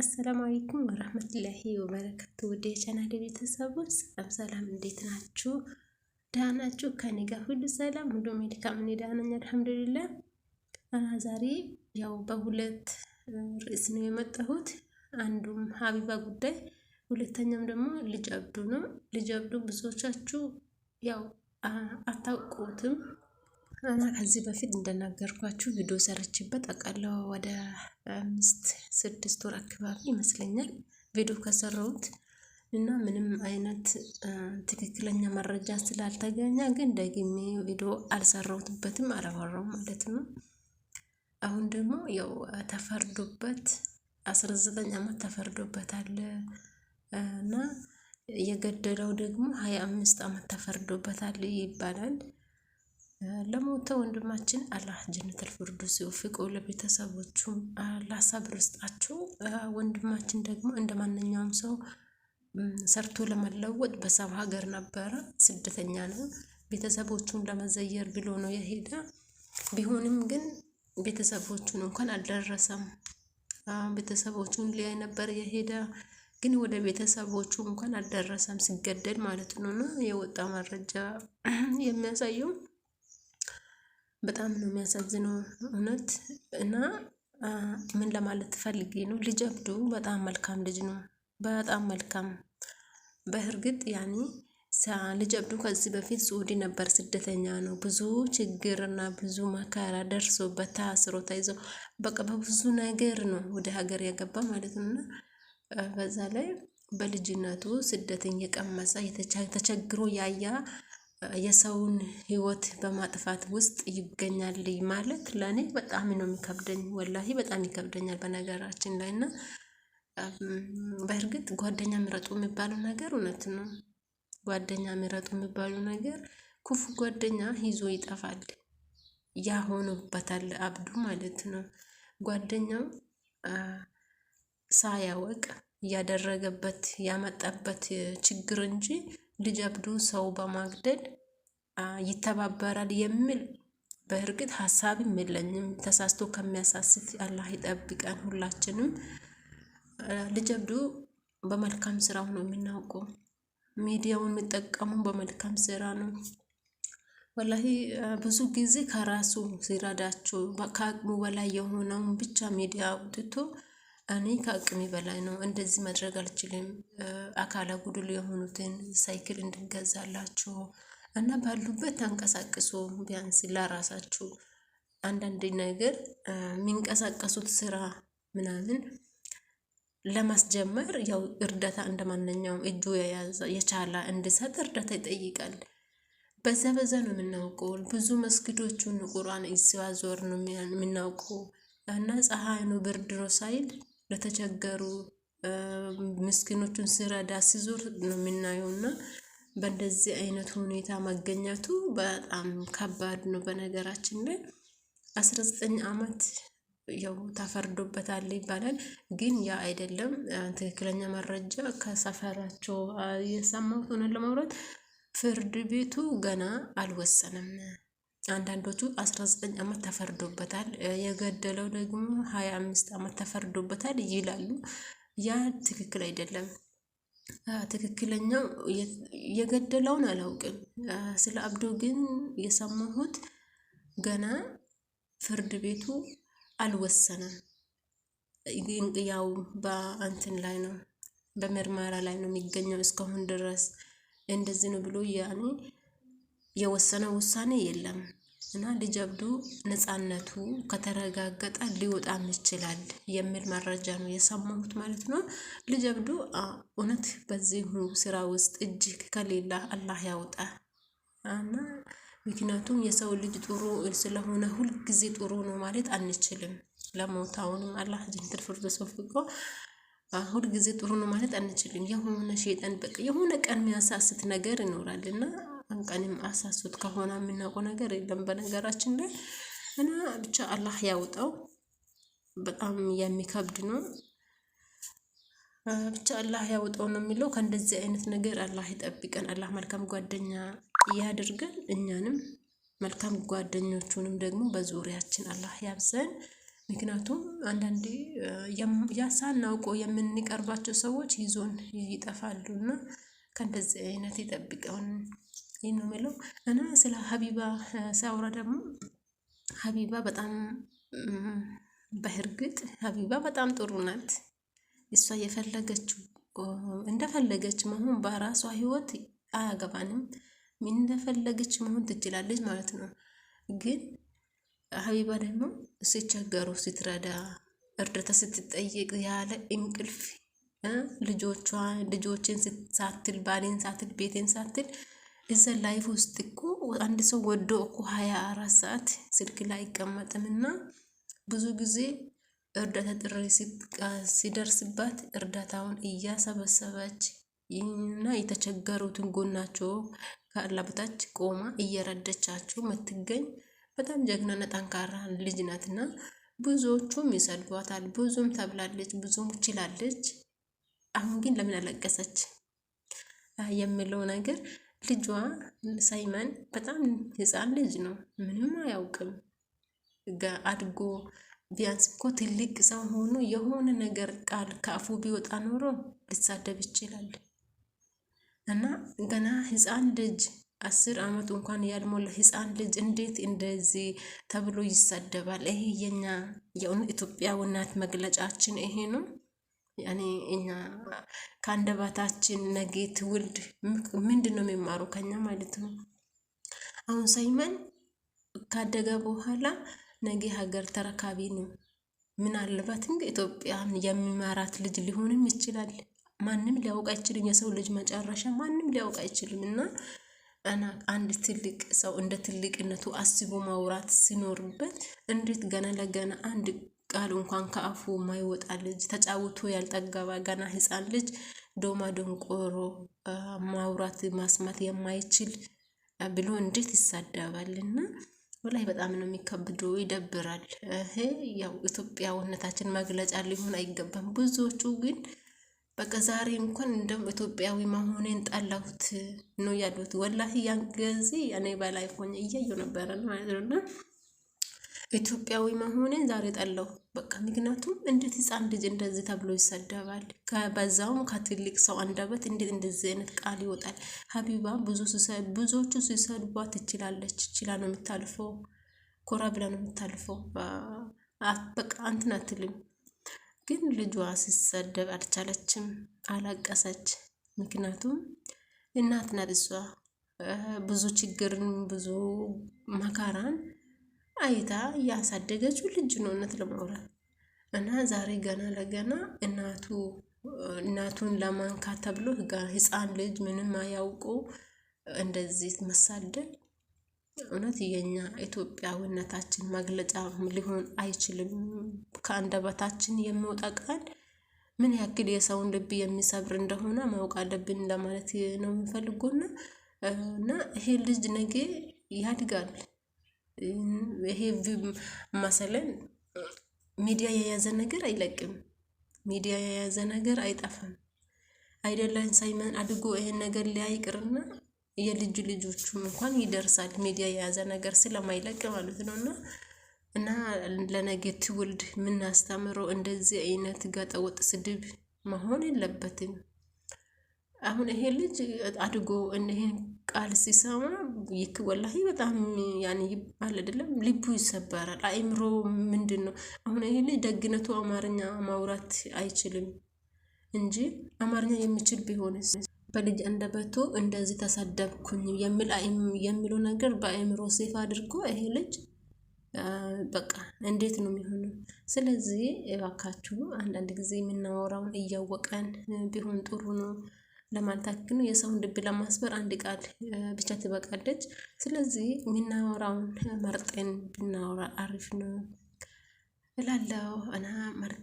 አሰላሙ አለይኩም ወረህመቱላሂ ወበረከቱ። ውድ የቻናሌ ቤተሰቦች ሰላም ሰላም፣ እንዴት ናችሁ? ደህና ናችሁ? ከኔ ጋር ሁሉ ሰላም፣ ሁሉ መልካም። እኔ ደህና ነኝ አልሐምዱሊላህ። ዛሬ ያው በሁለት ርዕስ ነው የመጣሁት። አንዱም ሀቢባ ጉዳይ፣ ሁለተኛም ደግሞ ልጅ አብዱ ነው። ልጅ አብዱ ብዙዎቻችሁ ያው አታውቁትም ከዚህ በፊት እንደነገርኳችሁ ቪዲዮ ሰርችበት አውቃለሁ። ወደ አምስት ስድስት ወር አካባቢ ይመስለኛል ቪዲዮ ከሰራሁት እና ምንም አይነት ትክክለኛ መረጃ ስላልተገኘ ግን ደግሜ ቪዲዮ አልሰራሁትበትም፣ አላወራውም ማለት ነው። አሁን ደግሞ ያው ተፈርዶበት አስራ ዘጠኝ ዓመት ተፈርዶበታል እና የገደለው ደግሞ ሀያ አምስት አመት ተፈርዶበታል ይባላል። ለሞተ ወንድማችን አላህ ጀነተል ፊርደውስ ይወፍቀው። ለቤተሰቦቹም አላህ ሰብር ወንድማችን ደግሞ እንደ ማንኛውም ሰው ሰርቶ ለመለወጥ በሰብ ሀገር ነበረ። ስደተኛ ነው። ቤተሰቦቹን ለመዘየር ብሎ ነው የሄደ። ቢሆንም ግን ቤተሰቦቹን እንኳን አልደረሰም። ቤተሰቦቹን ሊያይ ነበር የሄደ ግን ወደ ቤተሰቦቹ እንኳን አልደረሰም። ሲገደል ማለት ነው። የወጣ መረጃ የሚያሳየው በጣም ነው የሚያሳዝነው እውነት እና ምን ለማለት ፈልጌ ነው ልጅ አብዱ በጣም መልካም ልጅ ነው። በጣም መልካም በእርግጥ ያኔ ልጅ አብዱ ከዚህ በፊት ሱዲ ነበር፣ ስደተኛ ነው። ብዙ ችግርና ብዙ መከራ ደርሶበት ታስሮ ተይዞ በቃ በብዙ ነገር ነው ወደ ሀገር ያገባ ማለት ነው እና በዛ ላይ በልጅነቱ ስደትን የቀመሰ ተቸግሮ ያያ የሰውን ህይወት በማጥፋት ውስጥ ይገኛል ማለት ለእኔ በጣም ነው የሚከብደኝ። ወላሂ በጣም ይከብደኛል በነገራችን ላይ እና በእርግጥ ጓደኛ ምረጡ የሚባለው ነገር እውነት ነው። ጓደኛ ምረጡ የሚባለው ነገር ክፉ ጓደኛ ይዞ ይጠፋል። ያ ሆኖበታል አብዱ ማለት ነው። ጓደኛው ሳያወቅ ያደረገበት ያመጣበት ችግር እንጂ ልጅ አብዶ ሰው በማግደል ይተባበራል የሚል በእርግጥ ሀሳብም የለኝም። ተሳስቶ ከሚያሳስት አላህ ይጠብቀን ሁላችንም። ልጅ አብዶ በመልካም ስራው ነው የምናውቀው። ሚዲያውን የሚጠቀሙ በመልካም ስራ ነው። ወላሂ ብዙ ጊዜ ከራሱ ሲረዳቸው ከአቅሙ በላይ የሆነውን ብቻ ሚዲያ አውጥቶ እኔ ከአቅሜ በላይ ነው፣ እንደዚህ መድረግ አልችልም። አካለ ጉድል የሆኑትን ሳይክል እንድንገዛላቸው እና ባሉበት ተንቀሳቅሶ ቢያንስ ለራሳችሁ አንዳንድ ነገር የሚንቀሳቀሱት ስራ ምናምን ለማስጀመር ያው እርዳታ እንደ ማንኛውም እጁ የቻለ እንዲሰጥ እርዳታ ይጠይቃል። በዛ በዛ ነው የምናውቀው። ብዙ መስጊዶቹን ቁርአን ሲያዞር ነው የምናውቀው እና ፀሐይ ነው ብርድ ነው ሳይል ለተቸገሩ ምስኪኖቹን ስረዳ ሲዞር ነው የምናየው እና በእንደዚህ አይነት ሁኔታ መገኘቱ በጣም ከባድ ነው። በነገራችን ላይ አስራ ዘጠኝ አመት ያው ተፈርዶበታል ይባላል። ግን ያ አይደለም ትክክለኛ መረጃ ከሰፈራቸው የሰማሁት ሆነን ለማውራት ፍርድ ቤቱ ገና አልወሰነም። አንዳንዶቹ 19 ዓመት ተፈርዶበታል፣ የገደለው ደግሞ 25 ዓመት ተፈርዶበታል ይላሉ። ያ ትክክል አይደለም። ትክክለኛው የገደለውን አላውቅም። ስለ አብዶ ግን የሰማሁት ገና ፍርድ ቤቱ አልወሰነም። ያው በአንትን ላይ ነው በምርመራ ላይ ነው የሚገኘው እስካሁን ድረስ እንደዚህ ነው ብሎ ያኔ የወሰነው ውሳኔ የለም እና ልጅ አብዱ ነጻነቱ ከተረጋገጠ ሊወጣም ይችላል የሚል መረጃ ነው የሰማሁት ማለት ነው። ልጅ አብዱ እውነት በዚህ ስራ ውስጥ እጅ ከሌላ አላህ ያውጣ እና ምክንያቱም የሰው ልጅ ጥሩ ስለሆነ ሁልጊዜ ጥሩ ነው ማለት አንችልም። ለሞታውንም አላህ ጀነቱል ፊርደውስ ወፍቆ ሁልጊዜ ጥሩ ነው ማለት አንችልም። የሆነ ሸይጣን በቃ የሆነ ቀን የሚያሳስት ነገር ይኖራል እና ቀን ቀንም ከሆነ የምናውቀው ነገር የለም። በነገራችን ላይ እና ብቻ አላህ ያውጣው። በጣም የሚከብድ ነው። ብቻ አላህ ያወጣው ነው የሚለው። ከእንደዚህ አይነት ነገር አላህ ይጠብቀን። አላህ መልካም ጓደኛ ያድርገን። እኛንም መልካም ጓደኞቹንም ደግሞ በዙሪያችን አላህ ያብዘን። ምክንያቱም አንዳንዴ ያሳናውቆ የምንቀርባቸው ሰዎች ይዞን ይጠፋሉና ከእንደዚህ አይነት ይጠብቀውን። ይህ ነው የምለው እና ስለ ሀቢባ ሳውራ ደግሞ ሀቢባ በጣም በእርግጥ ሀቢባ በጣም ጥሩ ናት። እሷ የፈለገችው እንደፈለገች መሆን በራሷ ህይወት አያገባንም። እንደፈለገች መሆን ትችላለች ማለት ነው። ግን ሀቢባ ደግሞ ሲቸገሩ ስትረዳ፣ እርዳታ ስትጠይቅ ያለ እንቅልፍ ልጆቿ ልጆችን ሳትል፣ ባሌን ሳትል፣ ቤቴን ሳትል እዛ ላይፍ ውስጥ እኮ አንድ ሰው ወዶ እኮ ሀያ አራት ሰዓት ስልክ ላይ አይቀመጥም እና ብዙ ጊዜ እርዳታ ጥሪ ሲደርስባት እርዳታውን እያሰበሰበች እና የተቸገሩትን ጎናቸው ካላበታች ቆማ እየረደቻቸው የምትገኝ በጣም ጀግናና ጠንካራ ልጅ ናትና ብዙዎቹም ይሰድቧታል። ብዙም ተብላለች፣ ብዙም ችላለች። አሁን ግን ለምን አለቀሰች የሚለው ነገር ልጇ ሳይመን በጣም ህፃን ልጅ ነው፣ ምንም አያውቅም። አድጎ ቢያንስ እኮ ትልቅ ሰው ሆኖ የሆነ ነገር ቃል ከአፉ ቢወጣ ኖሮ ሊሳደብ ይችላል። እና ገና ህፃን ልጅ አስር አመት እንኳን ያልሞላ ህፃን ልጅ እንዴት እንደዚህ ተብሎ ይሳደባል? ይሄ የኛ የእውን ውናት መግለጫችን ይሄ ነው። ያኔ እኛ ከአንደበታችን ነገ ትውልድ ምንድን ነው የሚማሩ ከኛ ማለት ነው። አሁን ሰይመን ካደገ በኋላ ነገ ሀገር ተረካቢ ነው። ምናልባት እንግዲህ ኢትዮጵያን የሚመራት ልጅ ሊሆንም ይችላል። ማንም ሊያውቅ አይችልም። የሰው ልጅ መጨረሻ ማንም ሊያውቅ አይችልም እና እና አንድ ትልቅ ሰው እንደ ትልቅነቱ አስቦ ማውራት ሲኖርበት እንዴት ገና ለገና አንድ ቃል እንኳን ከአፉ ማይወጣ ልጅ ተጫውቶ ያልጠገባ ገና ህፃን ልጅ ዶማ ደንቆሮ ማውራት ማስማት የማይችል ብሎ እንዴት ይሳደባል? እና ወላይ በጣም ነው የሚከብዶ፣ ይደብራል። ይሄ ያው ኢትዮጵያዊነታችን መግለጫ ሊሆን አይገባም። ብዙዎቹ ግን በቃ ዛሬ እንኳን እንደም ኢትዮጵያዊ መሆኔን ጣላሁት ነው ያሉት። ወላሂ ያን ጊዜ እኔ በላይ ሆኜ እያየሁ ነበረ ማለት ነው እና ኢትዮጵያዊ መሆንን ዛሬ ጠላሁ። በቃ ምክንያቱም እንዴት ህፃን ልጅ እንደዚህ ተብሎ ይሰደባል? በዛውም ከትልቅ ሰው አንደበት እንዴት እንደዚህ አይነት ቃል ይወጣል? ሀቢባ ብዙ ብዙዎቹ ሲሰድቧት ትችላለች፣ ችላ ነው የምታልፈው፣ ኮራ ብላ ነው የምታልፈው። በቃ አንትን አትልም። ግን ልጇ ሲሰደብ አልቻለችም፣ አላቀሰች። ምክንያቱም እናት ናት እሷ ብዙ ችግርን ብዙ መከራን አይታ እያሳደገችው ልጅ ነው እውነት ለማውራት እና ዛሬ ገና ለገና እናቱ እናቱን ለማንካት ተብሎ ህፃን ልጅ ምንም አያውቁ እንደዚህ መሳደብ እውነት የኛ ኢትዮጵያዊነታችን መግለጫ ሊሆን አይችልም። ከአንደበታችን የሚወጣ ቃል ምን ያክል የሰውን ልብ የሚሰብር እንደሆነ ማወቅ አለብን ለማለት ነው የሚፈልጉና እና ይሄ ልጅ ነገ ያድጋል። ይሄ መሰለን ሚዲያ የያዘ ነገር አይለቅም። ሚዲያ የያዘ ነገር አይጠፋም። አይደለን ሳይመን አድጎ ይሄን ነገር ሊያይቅርና የልጅ ልጆቹም እንኳን ይደርሳል። ሚዲያ የያዘ ነገር ስለማይለቅ ማለት ነው። እና እና ለነገ ትውልድ የምናስተምረው እንደዚህ አይነት ጋጠወጥ ስድብ መሆን የለበትም። አሁን ይሄ ልጅ አድጎ ይሄን ቃል ሲሰማ ይክ ወላሂ በጣም ያን ይባል አይደለም፣ ልቡ ይሰበራል። አእምሮ ምንድን ነው አሁን ይሄ ልጅ ደግነቱ አማርኛ ማውራት አይችልም እንጂ አማርኛ የሚችል ቢሆን በልጅ አንደበቱ እንደዚህ ተሰደብኩኝ የሚለው ነገር በአእምሮ ሴፍ አድርጎ ይሄ ልጅ በቃ እንዴት ነው የሚሆነው? ስለዚህ እባካችሁ አንዳንድ ጊዜ የምናወራውን እያወቀን ቢሆን ጥሩ ነው። ለማለት ነው። የሰውን ልብ ለማስበር አንድ ቃል ብቻ ትበቃለች። ስለዚህ የምናወራውን መርጠን ብናወራ አሪፍ ነው እላለሁ እና መርከ